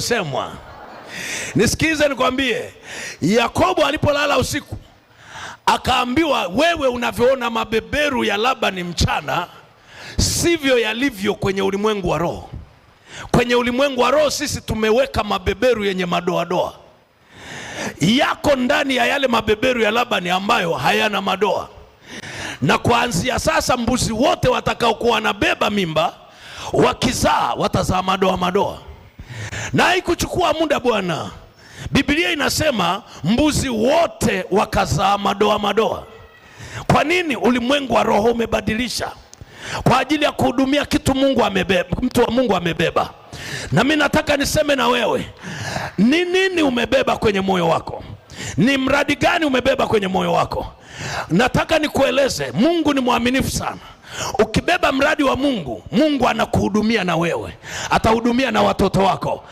kilichosemwa. Nisikize nikwambie, Yakobo alipolala usiku akaambiwa, wewe unavyoona mabeberu ya Labani mchana sivyo yalivyo kwenye ulimwengu wa roho. Kwenye ulimwengu wa roho sisi tumeweka mabeberu yenye madoadoa yako ndani ya yale mabeberu ya Labani ambayo hayana madoa. Na kuanzia sasa mbuzi wote watakaokuwa wanabeba mimba wakizaa watazaa madoa madoa na haikuchukua muda bwana. Biblia inasema mbuzi wote wakazaa madoa madoa. Kwa nini? Ulimwengu wa roho umebadilisha kwa ajili ya kuhudumia kitu Mungu amebeba, mtu wa Mungu amebeba. Na mimi nataka niseme na wewe, ni nini umebeba kwenye moyo wako? Ni mradi gani umebeba kwenye moyo wako? Nataka nikueleze, Mungu ni mwaminifu sana. Ukibeba mradi wa Mungu, Mungu anakuhudumia na wewe, atahudumia na watoto wako